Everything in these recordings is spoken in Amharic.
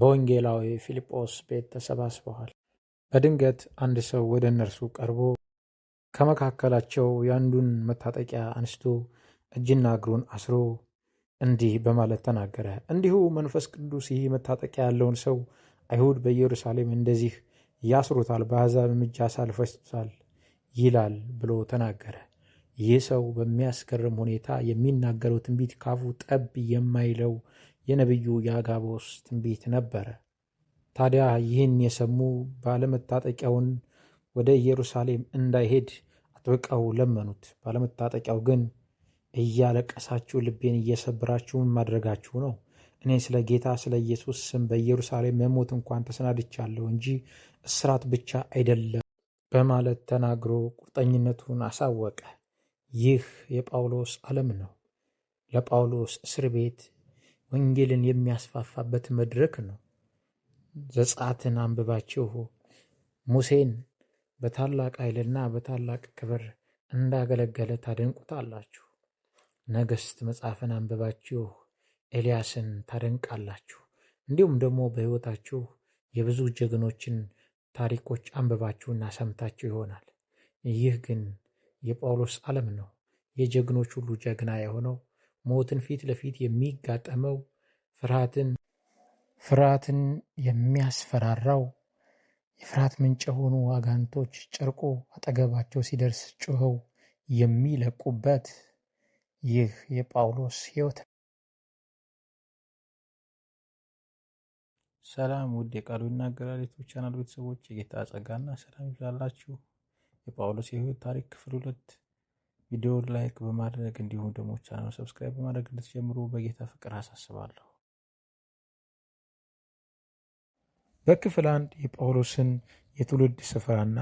በወንጌላዊ ፊልጶስ ቤት ተሰባስበዋል። በድንገት አንድ ሰው ወደ እነርሱ ቀርቦ ከመካከላቸው የአንዱን መታጠቂያ አንስቶ እጅና እግሩን አስሮ እንዲህ በማለት ተናገረ። እንዲሁ መንፈስ ቅዱስ ይህ መታጠቂያ ያለውን ሰው አይሁድ በኢየሩሳሌም እንደዚህ ያስሩታል፣ በአሕዛብም እጅ አሳልፈው ይሰጡታል ይላል ብሎ ተናገረ። ይህ ሰው በሚያስገርም ሁኔታ የሚናገረው ትንቢት ካፉ ጠብ የማይለው የነቢዩ የአጋቦስ ትንቢት ነበረ። ታዲያ ይህን የሰሙ ባለመታጠቂያውን ወደ ኢየሩሳሌም እንዳይሄድ አጥብቀው ለመኑት። ባለመታጠቂያው ግን እያለቀሳችሁ ልቤን እየሰብራችሁ ማድረጋችሁ ነው። እኔ ስለ ጌታ ስለ ኢየሱስ ስም በኢየሩሳሌም መሞት እንኳን ተሰናድቻለሁ እንጂ እስራት ብቻ አይደለም በማለት ተናግሮ ቁርጠኝነቱን አሳወቀ። ይህ የጳውሎስ ዓለም ነው። ለጳውሎስ እስር ቤት ወንጌልን የሚያስፋፋበት መድረክ ነው። ዘጸአትን አንብባችሁ ሙሴን በታላቅ ኃይልና በታላቅ ክብር እንዳገለገለ ታደንቁታላችሁ። ነገሥት መጽሐፍን አንብባችሁ ኤልያስን ታደንቃላችሁ። እንዲሁም ደግሞ በሕይወታችሁ የብዙ ጀግኖችን ታሪኮች አንብባችሁና ሰምታችሁ ይሆናል። ይህ ግን የጳውሎስ ዓለም ነው። የጀግኖች ሁሉ ጀግና የሆነው ሞትን ፊት ለፊት የሚጋጠመው ፍርሃትን ፍርሃትን የሚያስፈራራው የፍርሃት ምንጭ የሆኑ አጋንቶች ጨርቆ አጠገባቸው ሲደርስ ጩኸው የሚለቁበት ይህ የጳውሎስ ሕይወት። ሰላም ውድ የቃሉ ይናገራል ዩቱብ ቻናል ቤተሰቦች የጌታ ጸጋና ሰላም ይብዛላችሁ። የጳውሎስ የሕይወት ታሪክ ክፍል ሁለት ቪዲዮ ላይክ በማድረግ እንዲሁም ደግሞ ቻናል ሰብስክራይብ በማድረግ እንድትጀምሩ በጌታ ፍቅር አሳስባለሁ። በክፍል አንድ የጳውሎስን የትውልድ ስፍራና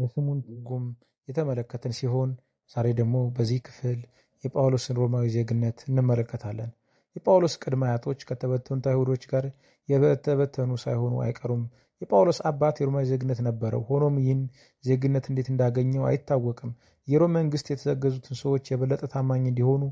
የስሙን ትርጉም የተመለከትን ሲሆን ዛሬ ደግሞ በዚህ ክፍል የጳውሎስን ሮማዊ ዜግነት እንመለከታለን። የጳውሎስ ቅድመ አያቶች ከተበተኑት አይሁዶች ጋር የተበተኑ ሳይሆኑ አይቀሩም። የጳውሎስ አባት የሮማዊ ዜግነት ነበረው። ሆኖም ይህን ዜግነት እንዴት እንዳገኘው አይታወቅም። የሮም መንግስት የተዘገዙትን ሰዎች የበለጠ ታማኝ እንዲሆኑ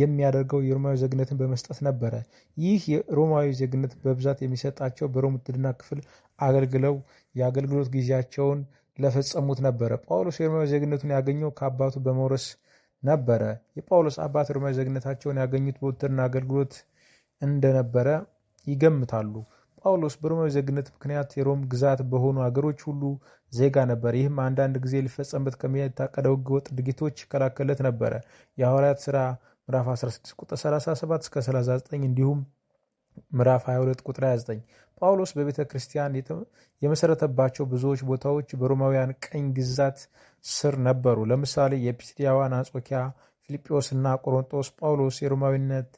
የሚያደርገው የሮማዊ ዜግነትን በመስጠት ነበረ። ይህ የሮማዊ ዜግነት በብዛት የሚሰጣቸው በሮም ውትድርና ክፍል አገልግለው የአገልግሎት ጊዜያቸውን ለፈጸሙት ነበረ። ጳውሎስ የሮማዊ ዜግነቱን ያገኘው ከአባቱ በመውረስ ነበረ። የጳውሎስ አባት ሮማዊ ዜግነታቸውን ያገኙት በውትድርና አገልግሎት እንደነበረ ይገምታሉ። ጳውሎስ በሮማዊ ዜግነት ምክንያት የሮም ግዛት በሆኑ አገሮች ሁሉ ዜጋ ነበር። ይህም አንዳንድ ጊዜ ሊፈጸምበት ከሚታቀደው ሕገወጥ ድርጊቶች ይከላከለት ነበረ። የሐዋርያት ሥራ ምዕራፍ 16 ቁጥር 37 እስከ 39 እንዲሁም ምዕራፍ 22 ቁጥር 29። ጳውሎስ በቤተ ክርስቲያን የመሰረተባቸው ብዙዎች ቦታዎች በሮማውያን ቀኝ ግዛት ስር ነበሩ። ለምሳሌ የፒስዲያዋን አንጾኪያ፣ ፊልጵዎስ እና ቆሮንጦስ። ጳውሎስ የሮማዊነት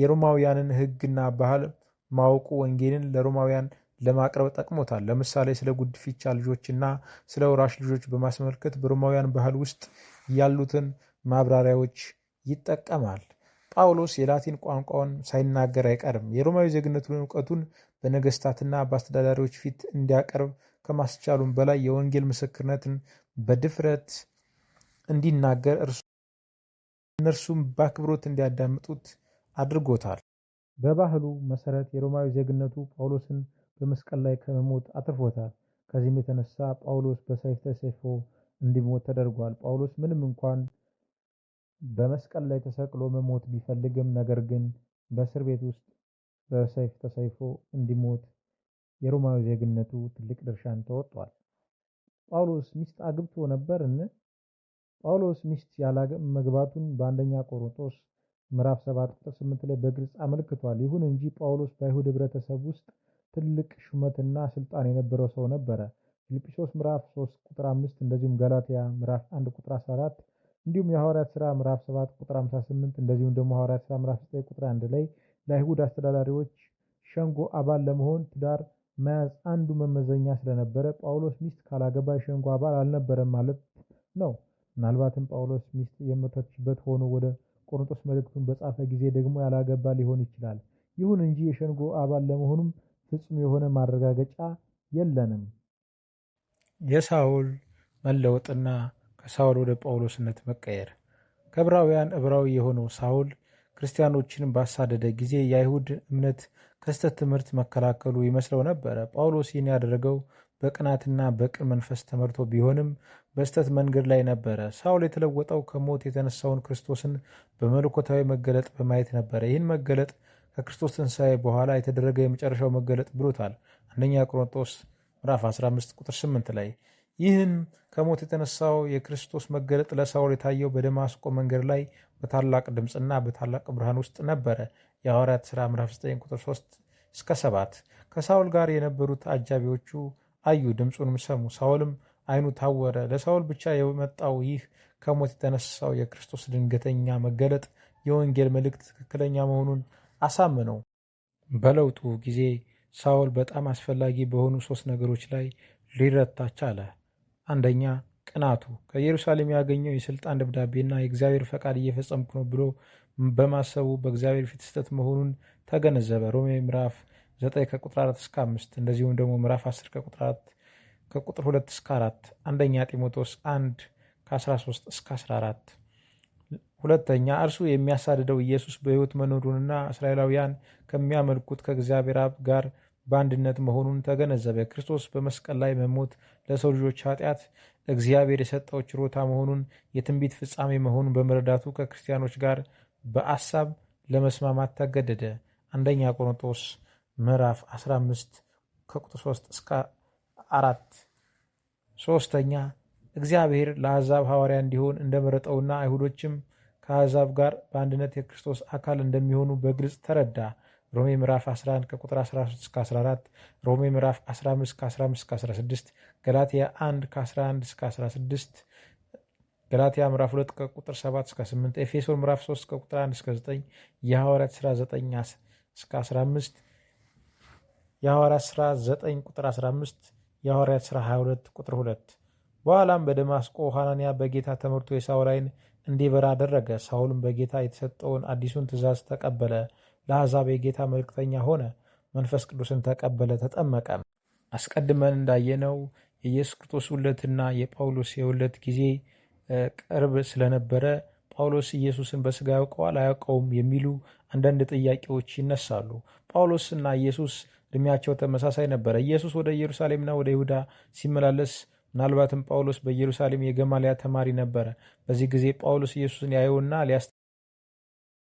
የሮማውያንን ህግና ባህል ማወቁ ወንጌልን ለሮማውያን ለማቅረብ ጠቅሞታል። ለምሳሌ ስለ ጉድፊቻ ልጆችና ስለ ወራሽ ልጆች በማስመልከት በሮማውያን ባህል ውስጥ ያሉትን ማብራሪያዎች ይጠቀማል። ጳውሎስ የላቲን ቋንቋውን ሳይናገር አይቀርም። የሮማዊ ዜግነቱን እውቀቱን በነገስታትና በአስተዳዳሪዎች ፊት እንዲያቀርብ ከማስቻሉም በላይ የወንጌል ምስክርነትን በድፍረት እንዲናገር እነርሱም በአክብሮት እንዲያዳምጡት አድርጎታል። በባህሉ መሰረት የሮማዊ ዜግነቱ ጳውሎስን በመስቀል ላይ ከመሞት አትርፎታል። ከዚህም የተነሳ ጳውሎስ በሰይፍ ተሰይፎ እንዲሞት ተደርጓል። ጳውሎስ ምንም እንኳን በመስቀል ላይ ተሰቅሎ መሞት ቢፈልግም ነገር ግን በእስር ቤት ውስጥ በሰይፍ ተሰይፎ እንዲሞት የሮማዊ ዜግነቱ ትልቅ ድርሻን ተወጥቷል። ጳውሎስ ሚስት አግብቶ ነበርን? ጳውሎስ ሚስት ያላገ መግባቱን በአንደኛ ቆሮንቶስ ምዕራፍ 7 ቁጥር 8 ላይ በግልጽ አመልክቷል። ይሁን እንጂ ጳውሎስ በአይሁድ ህብረተሰብ ውስጥ ትልቅ ሹመትና ስልጣን የነበረው ሰው ነበረ። ፊልጵሶስ ምዕራፍ 3 ቁጥር 5፣ እንደዚሁም ገላትያ ምዕራፍ 1 ቁጥር 14 እንዲሁም የሐዋርያት ሥራ ምዕራፍ 7 ቁጥር 58 እንደዚሁም ደግሞ ሐዋርያት ሥራ ምዕራፍ 9 ቁጥር 1 ላይ ለአይሁድ አስተዳዳሪዎች ሸንጎ አባል ለመሆን ትዳር መያዝ አንዱ መመዘኛ ስለነበረ ጳውሎስ ሚስት ካላገባ የሸንጎ አባል አልነበረም ማለት ነው። ምናልባትም ጳውሎስ ሚስት የመተችበት ሆኖ ወደ ቆሮንቶስ መልእክቱን በጻፈ ጊዜ ደግሞ ያላገባ ሊሆን ይችላል። ይሁን እንጂ የሸንጎ አባል ለመሆኑም ፍጹም የሆነ ማረጋገጫ የለንም። የሳውል መለወጥና ከሳውል ወደ ጳውሎስነት መቀየር ከዕብራውያን ዕብራዊ የሆነው ሳውል ክርስቲያኖችን ባሳደደ ጊዜ የአይሁድ እምነት ከስተት ትምህርት መከላከሉ ይመስለው ነበረ። ጳውሎስ ይህን ያደረገው በቅናትና በቅን መንፈስ ተመርቶ ቢሆንም በስተት መንገድ ላይ ነበረ። ሳውል የተለወጠው ከሞት የተነሳውን ክርስቶስን በመለኮታዊ መገለጥ በማየት ነበረ። ይህን መገለጥ ከክርስቶስ ትንሣኤ በኋላ የተደረገ የመጨረሻው መገለጥ ብሎታል አንደኛ ቆሮንቶስ ምዕራፍ 15 ቁጥር 8 ላይ። ይህም ከሞት የተነሳው የክርስቶስ መገለጥ ለሳውል የታየው በደማስቆ መንገድ ላይ በታላቅ ድምፅና በታላቅ ብርሃን ውስጥ ነበረ። የሐዋርያት ሥራ ምዕራፍ 9 ቁጥር 3 እስከ 7። ከሳውል ጋር የነበሩት አጃቢዎቹ አዩ፣ ድምፁንም ሰሙ። ሳውልም ዓይኑ ታወረ። ለሳውል ብቻ የመጣው ይህ ከሞት የተነሳው የክርስቶስ ድንገተኛ መገለጥ የወንጌል መልእክት ትክክለኛ መሆኑን አሳምነው። በለውጡ ጊዜ ሳውል በጣም አስፈላጊ በሆኑ ሶስት ነገሮች ላይ ሊረታ ቻለ። አንደኛ ቅናቱ፣ ከኢየሩሳሌም ያገኘው የስልጣን ደብዳቤና የእግዚአብሔር ፈቃድ እየፈጸምኩ ነው ብሎ በማሰቡ በእግዚአብሔር ፊት ስህተት መሆኑን ተገነዘበ። ሮሜ ምዕራፍ 9 ከቁጥር 4 እስከ 5 እንደዚሁም ደግሞ ምዕራፍ 10 ከቁጥር 4 ከቁጥር 2 እስከ 4፣ አንደኛ ጢሞቴዎስ 1 ከ13 እስከ 14። ሁለተኛ እርሱ የሚያሳድደው ኢየሱስ በሕይወት መኖሩንና እስራኤላውያን ከሚያመልኩት ከእግዚአብሔር አብ ጋር በአንድነት መሆኑን ተገነዘበ። ክርስቶስ በመስቀል ላይ መሞት ለሰው ልጆች ኃጢአት እግዚአብሔር የሰጠው ችሮታ መሆኑን፣ የትንቢት ፍጻሜ መሆኑን በመረዳቱ ከክርስቲያኖች ጋር በአሳብ ለመስማማት ተገደደ። አንደኛ ቆሮንቶስ ምዕራፍ 15 ከቁጥር 3 እስከ አራት ሶስተኛ እግዚአብሔር ለአሕዛብ ሐዋርያ እንዲሆን እንደመረጠውና አይሁዶችም ከአሕዛብ ጋር በአንድነት የክርስቶስ አካል እንደሚሆኑ በግልጽ ተረዳ። ሮሜ ምዕራፍ 11 ከቁጥር 13 እስከ 14፣ ሮሜ ምዕራፍ 15 ከ15 እስከ 16፣ ገላትያ 1 ከ11 እስከ 16፣ ገላትያ ምዕራፍ 2 ከቁጥር 7 እስከ 8፣ ኤፌሶን ምዕራፍ 3 ከቁጥር 1 እስከ 9፣ የሐዋርያት ሥራ 9 እስከ 15፣ የሐዋርያት ሥራ 9 ቁጥር 15 የሐዋርያት ሥራ 22 ቁጥር 2። በኋላም በደማስቆ ሐናንያ በጌታ ተመርቶ የሳውላይን እንዲበራ አደረገ። ሳውልም በጌታ የተሰጠውን አዲሱን ትእዛዝ ተቀበለ። ለአሕዛብ የጌታ መልእክተኛ ሆነ። መንፈስ ቅዱስን ተቀበለ፣ ተጠመቀ። አስቀድመን እንዳየነው የኢየሱስ ክርስቶስ ውለትና የጳውሎስ የውለት ጊዜ ቅርብ ስለነበረ ጳውሎስ ኢየሱስን በሥጋ ያውቀዋል አያውቀውም የሚሉ አንዳንድ ጥያቄዎች ይነሳሉ። ጳውሎስና ኢየሱስ እድሜያቸው ተመሳሳይ ነበረ። ኢየሱስ ወደ ኢየሩሳሌምና ወደ ይሁዳ ሲመላለስ ምናልባትም ጳውሎስ በኢየሩሳሌም የገማልያ ተማሪ ነበረ። በዚህ ጊዜ ጳውሎስ ኢየሱስን ያየውና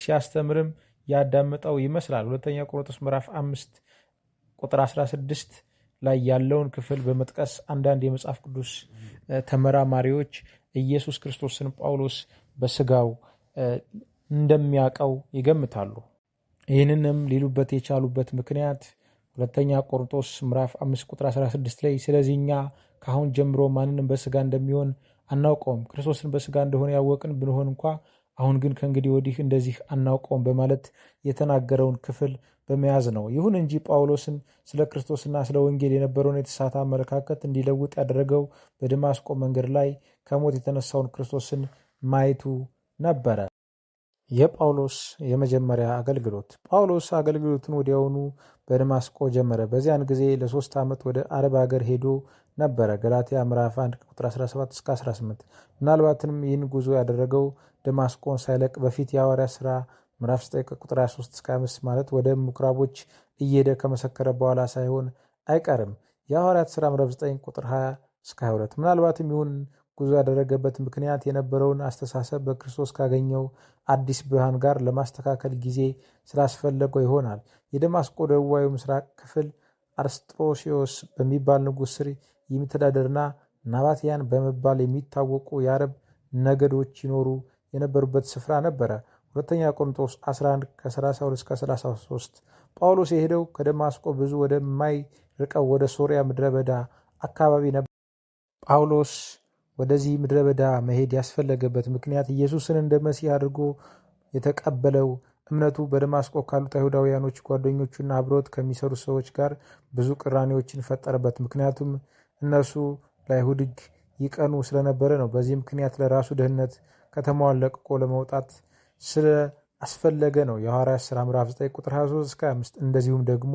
ሲያስተምርም ያዳምጠው ይመስላል። ሁለተኛ ቆሮንቶስ ምዕራፍ አምስት ቁጥር 16 ላይ ያለውን ክፍል በመጥቀስ አንዳንድ የመጽሐፍ ቅዱስ ተመራማሪዎች ኢየሱስ ክርስቶስን ጳውሎስ በስጋው እንደሚያውቀው ይገምታሉ። ይህንንም ሊሉበት የቻሉበት ምክንያት ሁለተኛ ቆሮንቶስ ምዕራፍ 5 ቁጥር 16 ላይ ስለዚህ እኛ ከአሁን ጀምሮ ማንንም በስጋ እንደሚሆን አናውቀውም፣ ክርስቶስን በስጋ እንደሆነ ያወቅን ብንሆን እንኳ አሁን ግን ከእንግዲህ ወዲህ እንደዚህ አናውቀውም በማለት የተናገረውን ክፍል በመያዝ ነው። ይሁን እንጂ ጳውሎስን ስለ ክርስቶስና ስለ ወንጌል የነበረውን የተሳተ አመለካከት እንዲለውጥ ያደረገው በደማስቆ መንገድ ላይ ከሞት የተነሳውን ክርስቶስን ማየቱ ነበረ። የጳውሎስ የመጀመሪያ አገልግሎት ጳውሎስ አገልግሎቱን ወዲያውኑ በደማስቆ ጀመረ። በዚያን ጊዜ ለሶስት ዓመት ወደ አረብ ሀገር ሄዶ ነበረ። ገላትያ ምዕራፍ 1 ቁጥር 17 እስከ 18። ምናልባትም ይህን ጉዞ ያደረገው ደማስቆን ሳይለቅ በፊት የሐዋርያ ሥራ ምዕራፍ 9 ቁጥር 23 እስከ 5 ማለት ወደ ምኩራቦች እየሄደ ከመሰከረ በኋላ ሳይሆን አይቀርም። የሐዋርያት ሥራ ምዕራፍ 9 ቁጥር 20 እስከ 22 ምናልባትም ይሁን ጉዞ ያደረገበት ምክንያት የነበረውን አስተሳሰብ በክርስቶስ ካገኘው አዲስ ብርሃን ጋር ለማስተካከል ጊዜ ስላስፈለገው ይሆናል። የደማስቆ ደቡባዊ ምስራቅ ክፍል አርስጥሮሲዎስ በሚባል ንጉሥ ስር የሚተዳደርና ናባትያን በመባል የሚታወቁ የአረብ ነገዶች ይኖሩ የነበሩበት ስፍራ ነበረ። ሁለተኛ ቆሮንቶስ 11 ከ32-33 ጳውሎስ የሄደው ከደማስቆ ብዙ ወደማይርቀው ወደ ሶሪያ ምድረ በዳ አካባቢ ነበር። ጳውሎስ ወደዚህ ምድረ በዳ መሄድ ያስፈለገበት ምክንያት ኢየሱስን እንደ መሲህ አድርጎ የተቀበለው እምነቱ በደማስቆ ካሉት አይሁዳውያኖች ጓደኞቹና አብሮት ከሚሰሩ ሰዎች ጋር ብዙ ቅራኔዎችን ፈጠረበት። ምክንያቱም እነሱ ለአይሁድ ሕግ ይቀኑ ስለነበረ ነው። በዚህ ምክንያት ለራሱ ደህንነት ከተማዋን ለቅቆ ለመውጣት ስለ አስፈለገ ነው። የሐዋርያት ሥራ ምዕራፍ 9 ቁጥር 23 እስከ 25 እንደዚሁም ደግሞ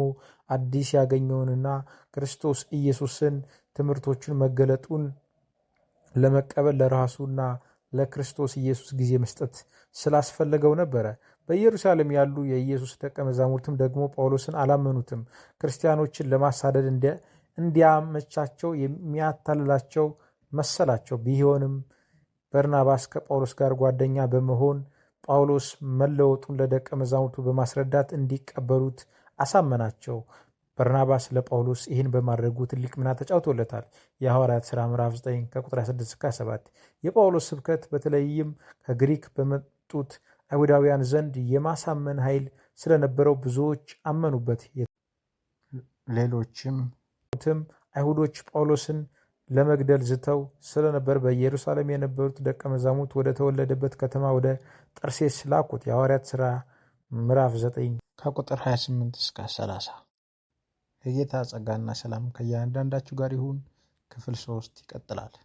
አዲስ ያገኘውንና ክርስቶስ ኢየሱስን ትምህርቶቹን መገለጡን ለመቀበል ለራሱና ለክርስቶስ ኢየሱስ ጊዜ መስጠት ስላስፈለገው ነበረ። በኢየሩሳሌም ያሉ የኢየሱስ ደቀ መዛሙርትም ደግሞ ጳውሎስን አላመኑትም። ክርስቲያኖችን ለማሳደድ እንዲያመቻቸው የሚያታልላቸው መሰላቸው። ቢሆንም በርናባስ ከጳውሎስ ጋር ጓደኛ በመሆን ጳውሎስ መለወጡን ለደቀ መዛሙርቱ በማስረዳት እንዲቀበሉት አሳመናቸው። በርናባስ ለጳውሎስ ይህን በማድረጉ ትልቅ ሚና ተጫውቶለታል። የሐዋርያት ሥራ ምዕራፍ 9 ከቁጥር 26 7 የጳውሎስ ስብከት በተለይም ከግሪክ በመጡት አይሁዳውያን ዘንድ የማሳመን ኃይል ስለነበረው ብዙዎች አመኑበት። ሌሎችም አይሁዶች ጳውሎስን ለመግደል ዝተው ስለነበር በኢየሩሳሌም የነበሩት ደቀ መዛሙርት ወደ ተወለደበት ከተማ ወደ ጠርሴስ ላኩት። የሐዋርያት ሥራ ምዕራፍ 9 ከቁጥር 28 እስከ 30 የጌታ ጸጋና ሰላም ከእያንዳንዳችሁ ጋር ይሁን። ክፍል ሶስት ይቀጥላል